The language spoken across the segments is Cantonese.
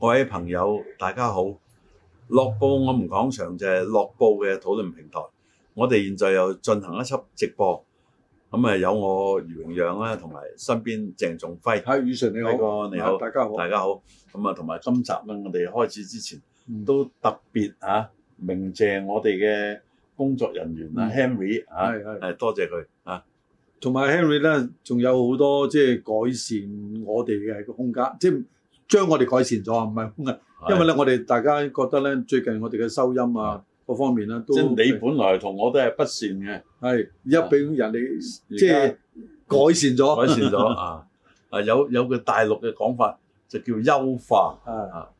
各位朋友，大家好！樂報我們講場，就係樂報嘅討論平台。我哋現在又進行一輯直播，咁啊有我余榮陽啦，同埋身邊鄭仲輝。阿宇順，你好。啊，大家好，大家好。咁啊，同埋今集咧，我哋開始之前都特別啊，鳴謝我哋嘅工作人員、嗯、Henry 啊，係，多謝佢啊。同埋 Henry 咧，仲有好多即係改善我哋嘅空間，即係將我哋改善咗啊，唔係空啊。因為咧，我哋大家覺得咧，最近我哋嘅收音啊、各方面咧都即係你本來同我都係不善嘅，係一俾人哋即係改善咗，改善咗啊 啊！有有個大陸嘅講法就叫優化啊。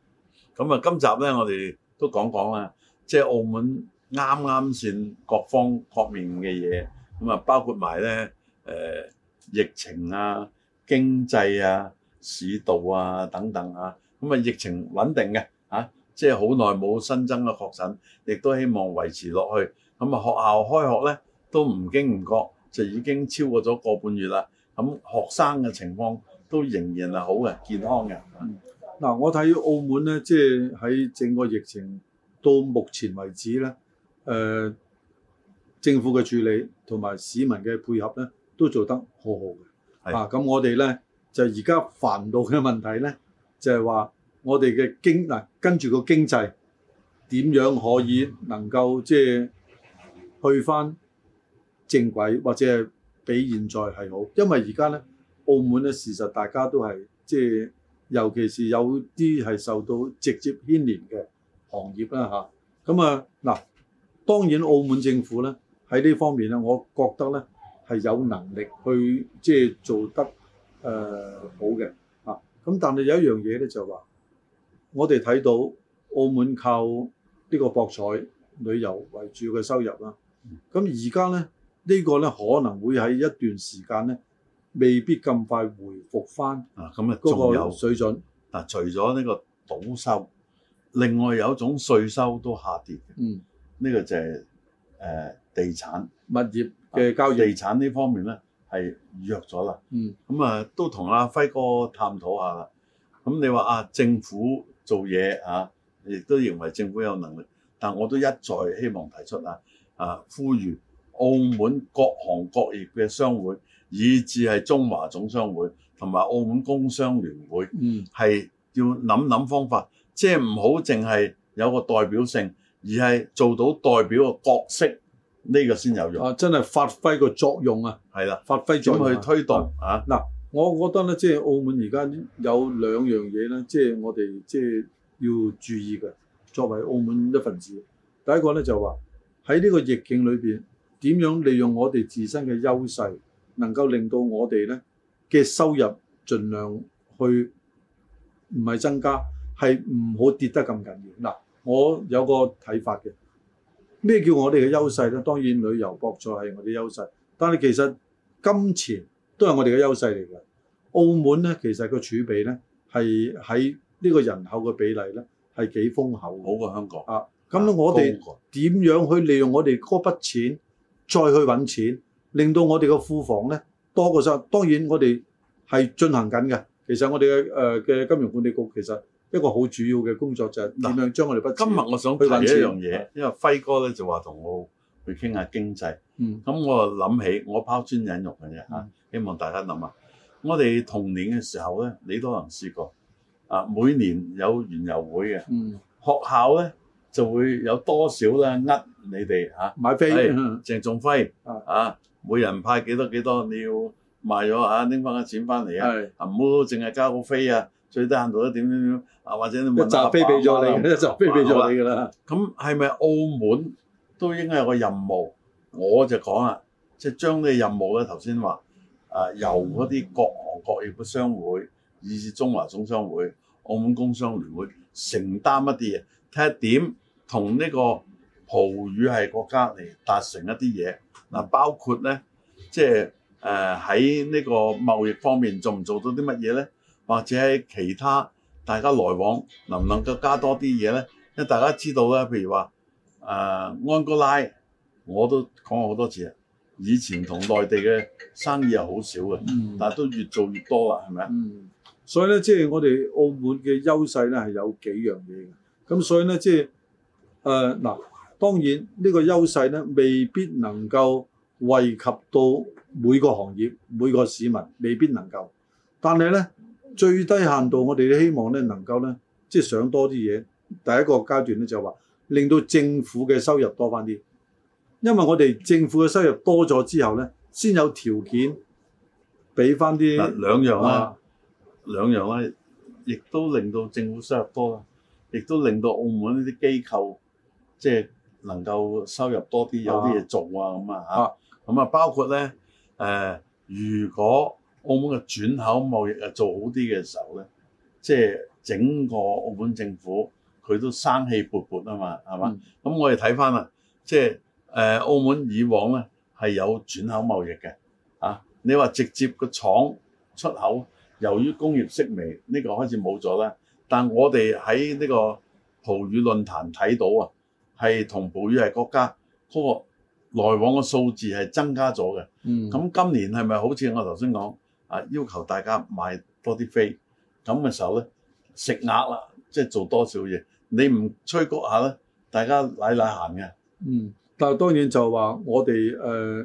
咁啊，今集咧我哋都講講啦，即係澳門啱啱先各方各面嘅嘢，咁啊包括埋咧。誒、呃，疫情啊、經濟啊、市道啊等等啊，咁啊，疫情穩定嘅吓、啊，即係好耐冇新增嘅確診，亦都希望維持落去。咁啊，學校開學咧都唔經唔覺，就已經超過咗個半月啦。咁、啊、學生嘅情況都仍然係好嘅，健康嘅。嗱、啊嗯，我睇澳門咧，即係喺整個疫情到目前為止咧，誒、呃，政府嘅處理同埋市民嘅配合咧。都做得好好嘅。啊，咁我哋呢，就而家煩惱嘅問題呢，就係話我哋嘅經，嗱，跟住個經濟點樣可以能夠即係去翻正軌，或者係比現在係好？因為而家呢，澳門呢事實大家都係即係，尤其是有啲係受到直接牽連嘅行業啦吓，咁啊，嗱、啊，當然澳門政府呢，喺呢方面呢，我覺得呢。係有能力去即係做得誒、呃、好嘅啊！咁但係有一樣嘢咧，就話、是、我哋睇到澳門靠呢個博彩旅遊為主要嘅收入啦。咁而家咧呢、這個咧可能會喺一段時間咧未必咁快回復翻啊！咁啊，嗰個水準嗱、啊，除咗呢個賭收，另外有一種稅收都下跌。嗯，呢、這個就係、是、誒、呃、地產、物業。嘅交易、啊、地產呢方面呢，係弱咗啦。嗯，咁、嗯、啊，都同阿、啊、輝哥探討下啦。咁、嗯、你話啊，政府做嘢啊，亦都認為政府有能力，但我都一再希望提出啊啊，呼籲澳門各行各業嘅商會，以至係中華總商會同埋澳門工商聯會，嗯，係要諗諗方法，即係唔好淨係有個代表性，而係做到代表個角色。呢個先有用啊！真係發揮個作用啊，係啦，發揮咗去推動啊？嗱，我覺得咧，即係澳門而家有兩樣嘢咧，即係我哋即係要注意嘅。作為澳門一份子，第一個咧就話喺呢個逆境裏邊，點樣利用我哋自身嘅優勢，能夠令到我哋咧嘅收入盡量去唔係增加，係唔好跌得咁緊要。嗱，我有個睇法嘅。咩叫我哋嘅優勢咧？當然旅遊博彩係我哋優勢，但係其實金錢都係我哋嘅優勢嚟嘅。澳門咧，其實個儲備咧係喺呢個人口嘅比例咧係幾豐厚好過香港啊！咁我哋點樣去利用我哋嗰筆錢再去揾錢，令到我哋嘅庫房咧多過上？當然我哋係進行緊嘅。其實我哋嘅誒嘅金融管理局其實。一個好主要嘅工作就係點樣將我哋不、啊、今日我想提一樣嘢，因為輝哥咧就話同我去傾下經濟。嗯，咁我諗起我拋磚引玉嘅啫嚇，希望大家諗下，我哋童年嘅時候咧，你都能試過啊，每年有園遊會嘅，嗯，學校咧就會有多少咧呃你哋嚇、啊、買飛，正中飛嗯，鄭仲輝，啊，每人派幾多幾多少，你要賣咗啊拎翻個錢翻嚟啊，係，唔好淨係交個飛啊。最低限度一點點啊，或者一集飛俾咗你，一集飛俾咗你㗎啦。咁係咪澳門都應該有個任務？我就講啦，即係將呢個任務咧，頭先話由嗰啲各行各業嘅商會，以至中華總商會、澳門工商聯會，承擔一啲嘢，睇下點同呢個葡語系國家嚟達成一啲嘢。嗱、呃，包括咧，即係誒喺呢個貿易方面做唔做到啲乜嘢咧？或者係其他大家來往，能唔能夠加多啲嘢咧？因為大家知道咧，譬如話誒、呃、安哥拉，我都講過好多次啊。以前同內地嘅生意係好少嘅、嗯，但係都越做越多啦，係咪啊？所以咧，即係我哋澳門嘅優勢咧係有幾樣嘢嘅。咁所以咧，即係誒嗱，當然這個優勢呢個優勢咧未必能夠惠及到每個行業、每個市民，未必能夠，但係咧。最低限度，我哋都希望咧能夠咧，即係想多啲嘢。第一個階段咧就話令到政府嘅收入多翻啲，因為我哋政府嘅收入多咗之後咧，先有條件俾翻啲兩樣啦，兩樣啦、啊、亦、啊啊、都令到政府收入多，亦都令到澳門呢啲機構即係、就是、能夠收入多啲、啊，有啲嘢做啊咁啊吓咁啊，啊啊包括咧誒、呃，如果澳門嘅轉口貿易做好啲嘅時候咧，即係整個澳門政府佢都生氣勃勃啊嘛，係嘛？咁、嗯、我哋睇翻啦即係誒澳門以往咧係有轉口貿易嘅啊，你話直接個廠出口，由於工業式微，呢個開始冇咗啦。但我哋喺呢個葡語論壇睇到啊，係同葡語系國家嗰個來往嘅數字係增加咗嘅。咁、嗯、今年係咪好似我頭先講？啊！要求大家買多啲飛咁嘅時候咧，食額啦，即係做多少嘢。你唔催谷下咧，大家賴賴行嘅。嗯，但係當然就話我哋誒、呃、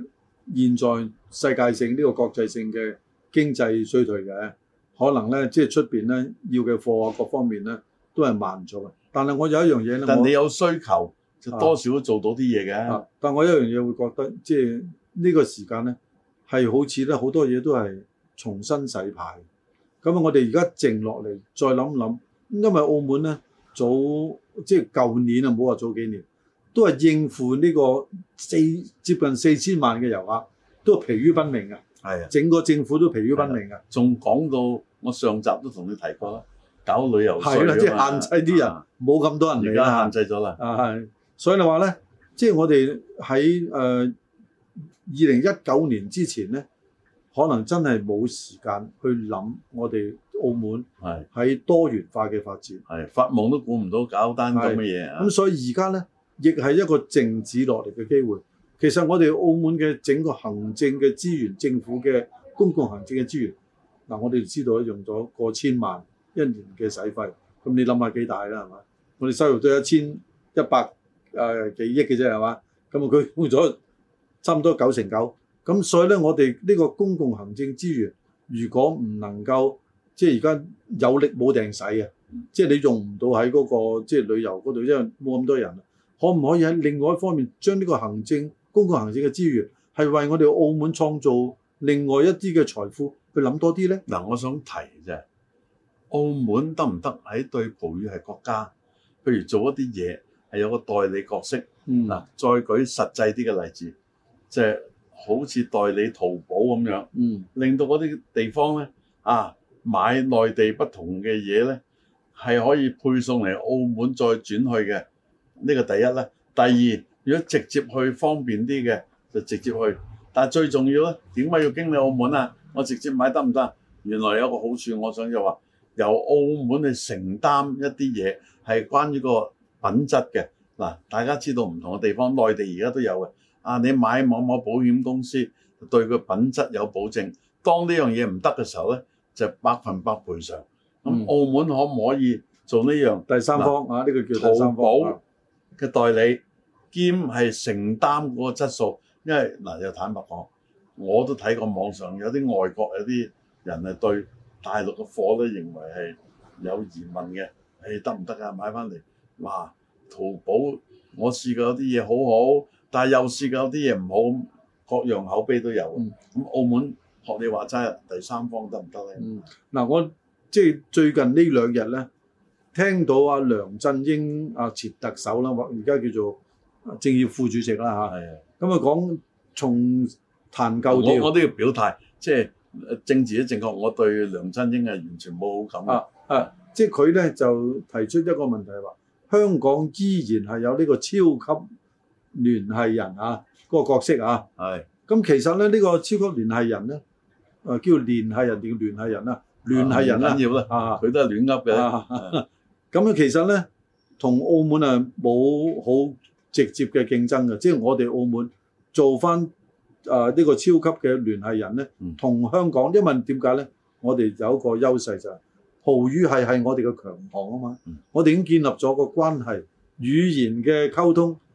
現在世界性呢、呢個國際性嘅經濟衰退嘅，可能咧即係出面咧要嘅貨各方面咧都係慢咗嘅。但係我有一樣嘢咧，但你有需求就多少都做到啲嘢嘅。但我有一樣嘢會覺得，即係呢個時間咧係好似咧好多嘢都係。重新洗牌，咁啊！我哋而家靜落嚟再諗諗，因為澳門咧早即係舊年啊，唔好話早幾年，都係應付呢個四接近四千萬嘅遊客，都係疲於奔命嘅。係啊，整個政府都疲於奔命嘅，仲講到我上集都同你提過啦，搞旅遊係啦、那個，即係限制啲人，冇、啊、咁多人而家限制咗啦，啊係，所以你話咧，即係我哋喺誒二零一九年之前咧。可能真係冇時間去諗我哋澳門喺多元化嘅發展，係發夢都估唔到搞單咁嘅嘢。咁所以而家咧，亦係一個靜止落嚟嘅機會。其實我哋澳門嘅整個行政嘅資源，政府嘅公共行政嘅資源，嗱我哋知道用咗過千萬一年嘅使費。咁你諗下幾大啦，係嘛？我哋收入都有一千一百誒幾億嘅啫，係嘛？咁啊佢用咗差唔多九成九。咁所以咧，我哋呢個公共行政資源，如果唔能夠即係而家有力冇定使嘅，即係你用唔到喺嗰、嗰個即係旅遊嗰度，因為冇咁多人啦。可唔可以喺另外一方面將呢個行政公共行政嘅資源，係為我哋澳門創造另外一啲嘅財富去諗多啲呢？嗱，我想提啫，澳門得唔得喺對葡語系國家，譬如做一啲嘢係有個代理角色。嗱、嗯，再舉實際啲嘅例子，即係。好似代理淘寶咁樣、嗯，令到嗰啲地方呢，啊買內地不同嘅嘢呢，係可以配送嚟澳門再轉去嘅。呢、這個第一呢，第二如果直接去方便啲嘅就直接去。但係最重要呢，點解要經理澳門啊？我直接買得唔得？原來有個好處，我想就話由澳門去承擔一啲嘢係關於個品質嘅嗱、啊。大家知道唔同嘅地方，內地而家都有嘅。啊！你買某某保險公司對佢品質有保證。當呢樣嘢唔得嘅時候呢，就百分百賠償。咁澳門可唔可以做呢樣第三方啊？呢、呢個叫第三方、啊、淘寶嘅代理兼係承擔嗰個質素，因為嗱、啊，又坦白講，我都睇過網上有啲外國有啲人係對大陸嘅貨都認為係有疑問嘅。誒得唔得㗎？買翻嚟哇！淘寶我試過啲嘢好好。但係又試過有啲嘢唔好，各樣口碑都有咁、嗯、澳門學你話齋，第三方得唔得咧？嗱、嗯，我即係最近兩呢兩日咧，聽到阿梁振英阿前、啊、特首啦，或而家叫做政協副主席啦咁啊講重彈舊調，我我都要表態，即係政治一正確。我對梁振英係完全冇好感。啊啊，即係佢咧就提出一個問題話，香港依然係有呢個超級。聯繫人啊，嗰、那個角色啊，咁其實咧，呢個超級聯繫人咧，叫聯繫人叫聯、啊啊、聯繫人啊？聯繫人啦要啦，佢都係亂噏嘅。咁、啊、其實咧，同澳門啊冇好直接嘅競爭㗎。即、就、係、是、我哋澳門做返誒呢個超級嘅聯繫人咧，同、嗯、香港，因為點解咧？我哋有個個優勢就係、是，葡語係係我哋嘅強項啊嘛。嗯、我哋已經建立咗個關係，語言嘅溝通。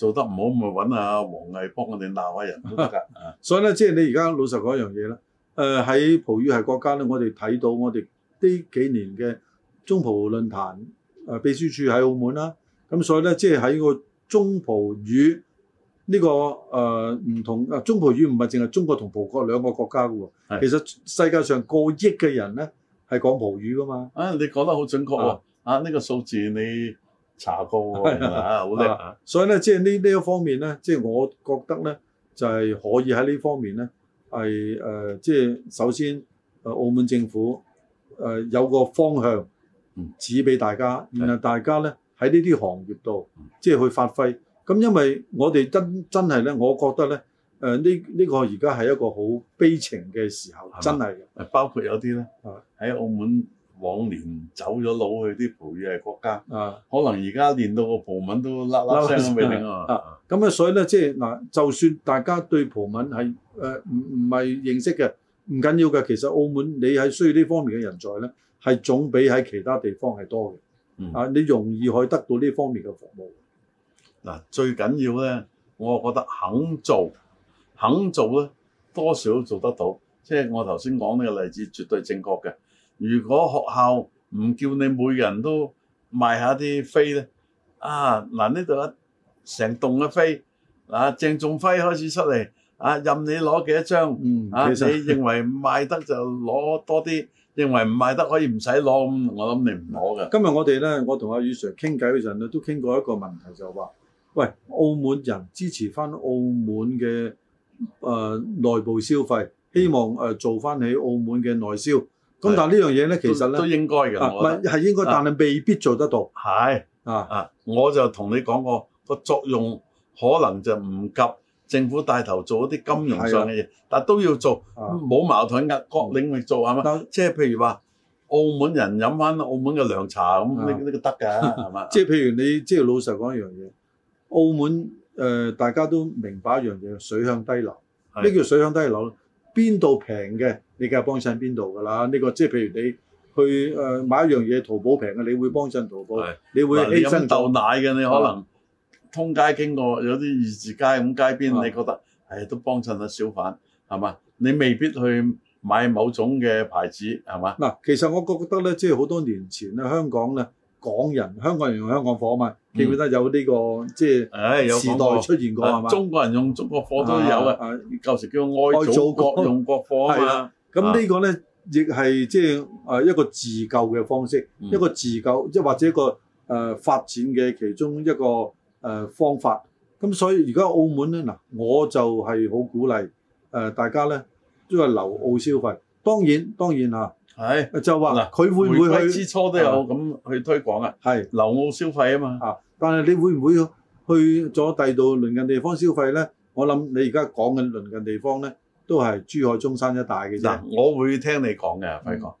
做得唔好，咪揾阿王毅幫我哋鬧下人都得㗎。以 所以咧，即係你而家老實講一樣嘢啦。誒喺葡語系國家咧，我哋睇到我哋呢幾年嘅中葡論壇誒秘書處喺澳門啦。咁、啊、所以咧，即係喺、這個、呃、中葡語呢個誒唔同誒中葡語唔係淨係中國同葡國兩個國家嘅喎。其實世界上過億嘅人咧係講葡語㗎嘛。啊，你講得好準確喎！啊，呢、這個數字你。查過好叻，所以咧，即係呢呢一方面咧，即係我覺得咧，就係可以喺呢方面咧，係誒，即係首先誒，澳門政府誒有個方向指俾大家，然後大家咧喺呢啲行業度即係去發揮。咁因為我哋真真係咧，我覺得咧誒呢呢個而家係一個好悲情嘅時候，真係嘅，包括有啲咧喺澳門。往年走咗老去啲葡語系國家，可能而家練到個葡文都啦啦聲都未停啊！咁啊，所以咧即係嗱，就算大家對葡文係誒唔唔係認識嘅，唔緊要嘅。其實澳門你係需要呢方面嘅人才咧，係總比喺其他地方係多嘅。啊，你容易可以得到呢方面嘅服務、嗯。嗱、啊，最緊要咧，我覺得肯做，肯做咧多少做得到。即係我頭先講呢個例子，絕對正確嘅。如果學校唔叫你每人都賣下啲飛咧，啊嗱呢度一成棟嘅飛，嗱鄭仲輝開始出嚟，啊任你攞幾多張，嗯啊其實你認為賣得就攞多啲，認為唔賣得可以唔使攞，我諗你唔攞嘅。今日我哋咧，我同阿雨 sir 傾偈嘅陣咧，都傾過一個問題，就話喂澳門人支持翻澳門嘅誒內部消費，希望誒做翻起澳門嘅內銷。咁但呢樣嘢咧，其實咧都應該嘅，唔係係應該，但你未必做得到。係啊啊！我就同你講過個作用，可能就唔及政府帶頭做一啲金融上嘅嘢、啊，但都要做，冇矛盾，各領域做係嘛、啊？即係譬如話，澳門人飲翻澳門嘅涼茶咁，呢呢個得㗎係嘛？ 即係譬如你即係老實講一樣嘢，澳門誒、呃、大家都明白一樣嘢，水向低流。呢、啊、叫水向低流？邊度平嘅？你梗係幫襯邊度㗎啦？呢、這個即係譬如你去誒、呃、買一樣嘢，淘寶平嘅，你會幫襯淘寶。嗯、你會犧牲豆奶嘅、嗯，你可能通街經過有啲二字街咁街邊、嗯，你覺得誒都幫襯下小販係嘛？你未必去買某種嘅牌子係嘛？嗱，其實我覺得咧，即係好多年前咧，香港咧，港人香港人用香港貨啊嘛，記、嗯、唔記得有呢、這個即係誒有時代出現過係嘛、哎？中國人用中國貨都有嘅，舊時、啊、叫愛愛祖國，愛祖國用國貨啊嘛。是啊是啊。咁呢個咧，亦係即係一個自救嘅方式、嗯，一個自救，即或者一個誒、呃、發展嘅其中一個誒、呃、方法。咁所以而家澳門咧嗱，我就係好鼓勵誒、呃、大家咧，都係留澳消費。當然，當然啊，係就話嗱，佢會唔會去之初都有咁去推廣啊？係留澳消費嘛啊嘛嚇。但係你會唔會去咗第度鄰近地方消費咧？我諗你而家講嘅鄰近地方咧。都係珠海中山一帶嘅啫。嗱、啊，我會聽你講嘅，輝哥、嗯。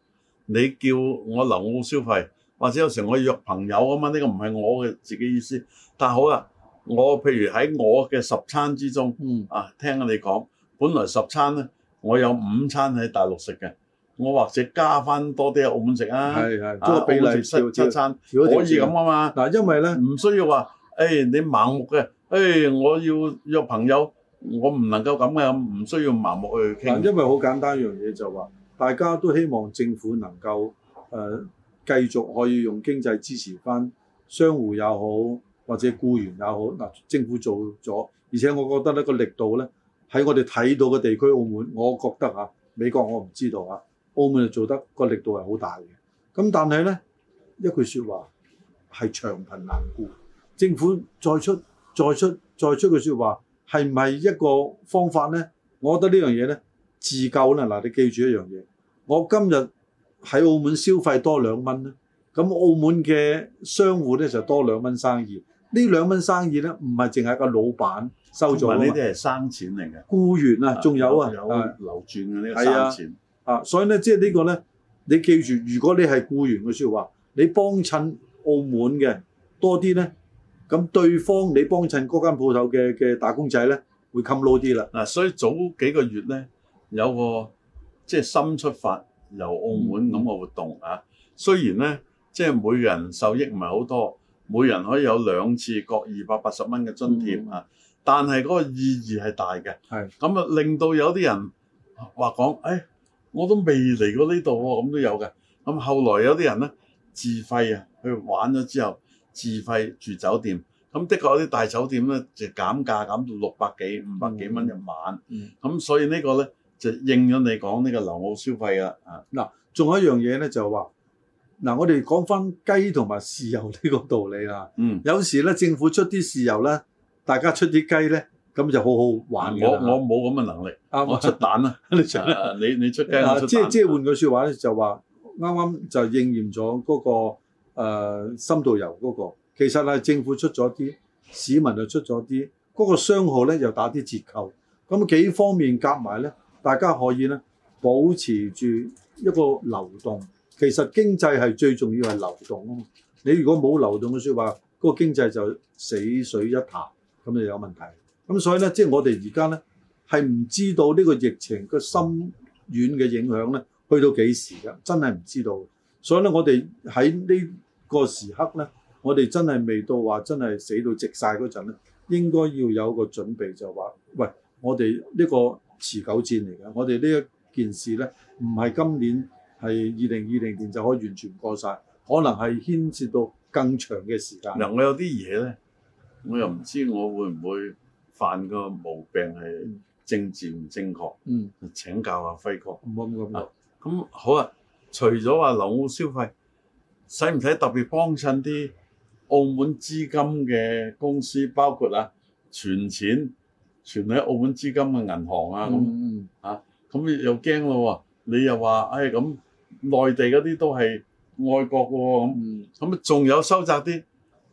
你叫我留澳消費，或者有時我約朋友咁嘛？呢、這個唔係我嘅自己意思。但係好啦，我譬如喺我嘅十餐之中，嗯啊，聽你講，本來十餐咧，我有五餐喺大陸食嘅，我或者加翻多啲喺澳門食啊。係係，做、啊、個比例食七餐可以咁啊嘛。嗱，因為咧唔需要話，誒、哎、你盲目嘅，誒、哎、我要約朋友。我唔能夠咁嘅，唔需要盲目去傾。因為好簡單一樣嘢就話，大家都希望政府能夠誒、呃、繼續可以用經濟支持翻商戶也好，或者僱員也好。嗱，政府做咗，而且我覺得呢個力度呢喺我哋睇到嘅地區，澳門，我覺得啊，美國我唔知道啊，澳門就做得個力度係好大嘅。咁但係呢一句說話係長貧難顧，政府再出再出再出嘅說話。係唔係一個方法咧？我覺得這呢樣嘢咧，自救咧。嗱，你記住一樣嘢，我今日喺澳門消費多兩蚊咧，咁澳門嘅商戶咧就多兩蚊生意。呢兩蚊生意咧，唔係淨係個老闆收咗，呢啲係生錢嚟嘅。僱員啊，仲有啊，有啊，有流轉嘅呢個生錢啊，所以咧，即係呢個咧，你記住，如果你係僱員嘅説話，你幫襯澳門嘅多啲咧。咁對方你幫襯嗰間鋪頭嘅嘅打工仔咧，會襟撈啲啦。嗱、啊，所以早幾個月咧，有個即係心出發由澳門咁嘅活動啊、嗯。雖然咧，即係每人受益唔係好多，每人可以有兩次各二百八十蚊嘅津貼、嗯、啊，但係嗰個意義係大嘅。係咁啊，令到有啲人話講：誒、哎，我都未嚟過呢度喎，咁都有嘅。咁後來有啲人咧自費啊去玩咗之後。自費住酒店，咁的確有啲大酒店咧就減價減到六百幾、五百幾蚊一晚，咁、嗯嗯、所以個呢個咧就應咗你講呢個留澳消費啊！啊，嗱，仲有一樣嘢咧就係話，嗱、啊，我哋講翻雞同埋豉油呢個道理啦。嗯，有時咧政府出啲豉油咧，大家出啲雞咧，咁就好好玩我我冇咁嘅能力、啊我。我出蛋啦。 你出你雞、啊、出即即換句說話咧，就話啱啱就應驗咗嗰、那個。誒、呃、深度遊嗰個，其實係政府出咗啲，市民又出咗啲，嗰個商號咧又打啲折扣，咁幾方面夾埋咧，大家可以咧保持住一個流動。其實經濟係最重要係流動啊嘛，你如果冇流動嘅説話，嗰個經濟就死水一潭，咁就有問題。咁所以咧，即係我哋而家咧係唔知道呢個疫情嘅深遠嘅影響咧去到幾時㗎？真係唔知道。所以咧，我哋喺呢個時刻咧，我哋真係未到話真係死到直晒嗰陣咧，應該要有個準備就話，喂，我哋呢個持久戰嚟嘅，我哋呢一件事咧，唔係今年係二零二零年就可以完全過晒，可能係牽涉到更長嘅時間。嗱、嗯，我有啲嘢咧，我又唔知我會唔會犯個毛病係政治唔正確，嗯，請教阿輝哥。冇冇冇。咁、啊、好啊。除咗話樓消費，使唔使特別幫襯啲澳門資金嘅公司，包括啊存錢存喺澳門資金嘅銀行、嗯、啊咁嚇，咁又驚咯喎！你又話唉咁內地嗰啲都係外國喎咁，咁仲有收窄啲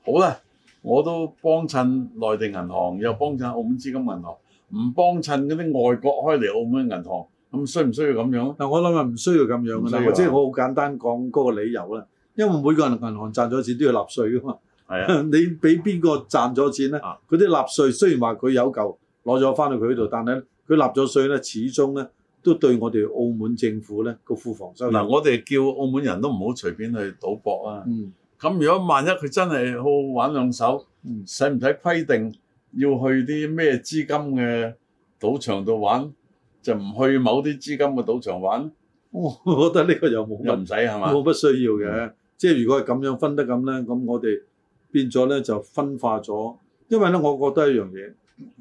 好啦，我都幫襯內地銀行，又幫襯澳門資金銀行，唔幫襯嗰啲外國開嚟澳門嘅銀行。咁需唔需要咁樣？我諗啊，唔需要咁樣噶啦。即係我好簡單講嗰個理由啦，啊。因為每個人銀行賺咗錢都要納稅噶嘛。係啊。你俾邊個賺咗錢咧？佢啲納稅雖然話佢有嚿攞咗翻去佢嗰度，但係咧佢納咗稅咧，始終咧都對我哋澳門政府咧個庫房收。嗱，啊，我哋叫澳門人都唔好隨便去賭博啊。嗯。咁如果萬一佢真係好玩兩手，使唔使規定要去啲咩資金嘅賭場度玩？就唔去某啲資金嘅賭場玩，哦、我覺得呢個又冇又唔使係嘛，冇不需要嘅、嗯啊。即係如果係咁樣分得咁咧，咁我哋變咗咧就分化咗。因為咧，我覺得一樣嘢，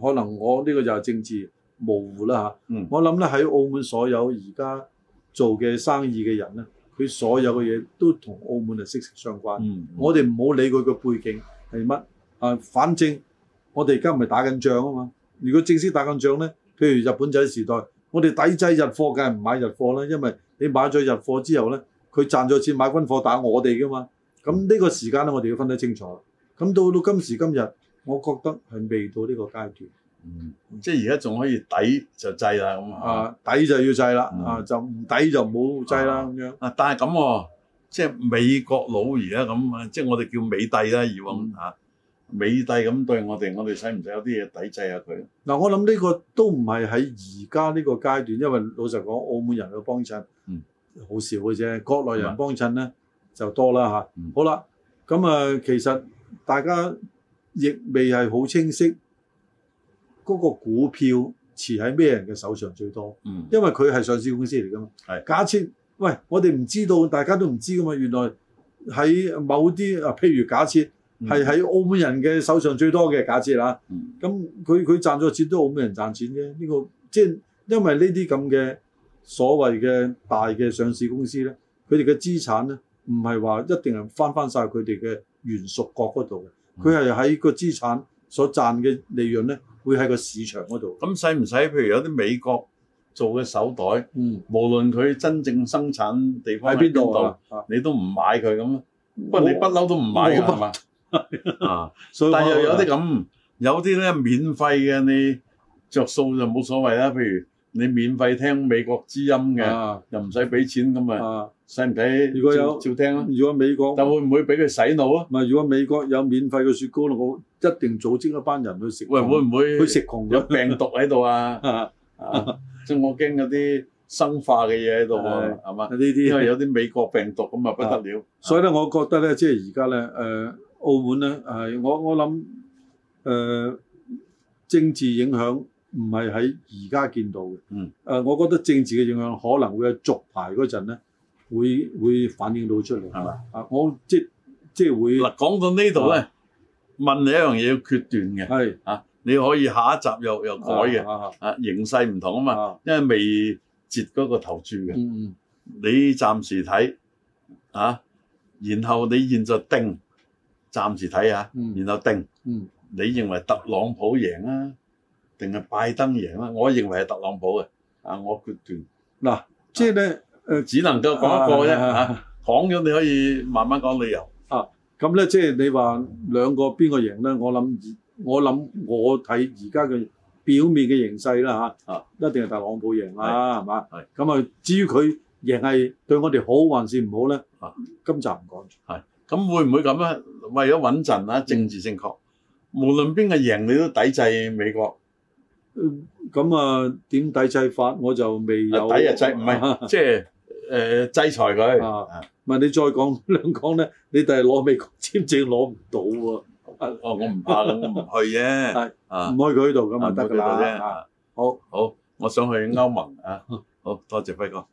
可能我呢、呢個就係政治模糊啦嚇、啊嗯。我諗咧喺澳門所有而家做嘅生意嘅人咧，佢所有嘅嘢都同澳門係息息相關。嗯嗯、我哋唔好理佢個背景係乜啊，反正我哋而家唔係打緊仗啊嘛。如果正式打緊仗咧，譬如日本仔時代。我哋抵制日貨，梗係唔買日貨啦，因為你買咗日貨之後咧，佢賺咗錢買軍火打我哋噶嘛。咁呢個時間咧，我哋要分得清楚。咁到到今時今日，我覺得係未到呢個階段。嗯，即係而家仲可以抵就制啦咁啊。抵就要抵制啦、嗯，啊就唔抵就唔好制啦咁、啊、樣。啊，但係咁喎，即係美國佬而家咁啊，即係我哋叫美帝啦以往。嚇、嗯。美帝咁對我哋，我哋使唔使有啲嘢抵制下佢？嗱，我諗呢個都唔係喺而家呢個階段，因為老實講，澳門人嘅幫襯，好少嘅啫。國內人幫襯咧就多啦吓，啊，嗯，好啦，咁啊，其實大家亦未係好清晰嗰個股票持喺咩人嘅手上最多，嗯，因為佢係上市公司嚟㗎嘛。係假設，喂，我哋唔知道，大家都唔知㗎嘛。原來喺某啲啊，譬如假設。係喺澳門人嘅手上最多嘅假設啦，咁佢佢賺咗錢都澳門人賺錢啫。呢、這個即係因為呢啲咁嘅所謂嘅大嘅上市公司咧，佢哋嘅資產咧唔係話一定係返返晒佢哋嘅原屬國嗰度嘅，佢係喺個資產所賺嘅利潤咧，會喺個市場嗰度。咁使唔使？譬如有啲美國做嘅手袋，嗯、無論佢真正生產地方喺邊度，你都唔買佢咁啊？不過你不嬲都唔買嘅嘛。啊，但係又有啲咁，有啲咧免費嘅，你着數就冇所謂啦。譬如你免費聽美國之音嘅，又唔使俾錢咁咪，使唔使？如果有照聽啦。如果美國，但會唔會俾佢洗腦啊？唔係，如果美國有免費嘅雪糕，我一定組織一班人去食。喂，會唔會佢食窮咗病毒喺度啊？即係我驚嗰啲生化嘅嘢喺度，係嘛？呢啲因為有啲美國病毒咁啊，不得了。所以咧，我覺得咧，即係而家咧，誒。澳門咧，係我我諗誒、呃、政治影響唔係喺而家見到嘅。嗯誒、呃，我覺得政治嘅影響可能會喺續牌嗰陣咧會會反映到出嚟係嘛啊！我即即會嗱講到呢度咧、啊，問你一樣嘢要決斷嘅係嚇，你可以下一集又又改嘅啊，形勢唔同嘛啊嘛，因為未截嗰個投注嘅，嗯嗯、啊，你暫時睇啊，然後你現在定。暫時睇下，然後定、嗯。你認為特朗普贏啊，定係拜登贏啊？我認為係特朗普嘅、啊就是。啊，我決斷。嗱，即係咧，誒，只能夠講一個啫嚇、啊啊啊。講咗你可以慢慢講理由。啊，咁咧即係你話兩個邊個贏咧？我諗我諗我睇而家嘅表面嘅形勢啦嚇、啊啊，一定係特朗普贏啦，係嘛？係。咁啊，至於佢贏係對我哋好還是唔好咧？啊，今集唔講。係。咁會唔會咁咧？為咗穩陣啊政治正確，嗯、無論邊個贏，你都抵制美國。咁、嗯、啊，點、嗯嗯、抵制法我就未有。抵、啊、制唔係，即係誒制裁佢。唔、啊、係、啊、你再講兩講咧，你第日攞美國簽證攞唔到啊。 哦，我唔怕我唔去啫。唔、啊、去佢度咁咪得㗎啦。好，好，我想去歐盟、嗯、啊。好多謝輝哥。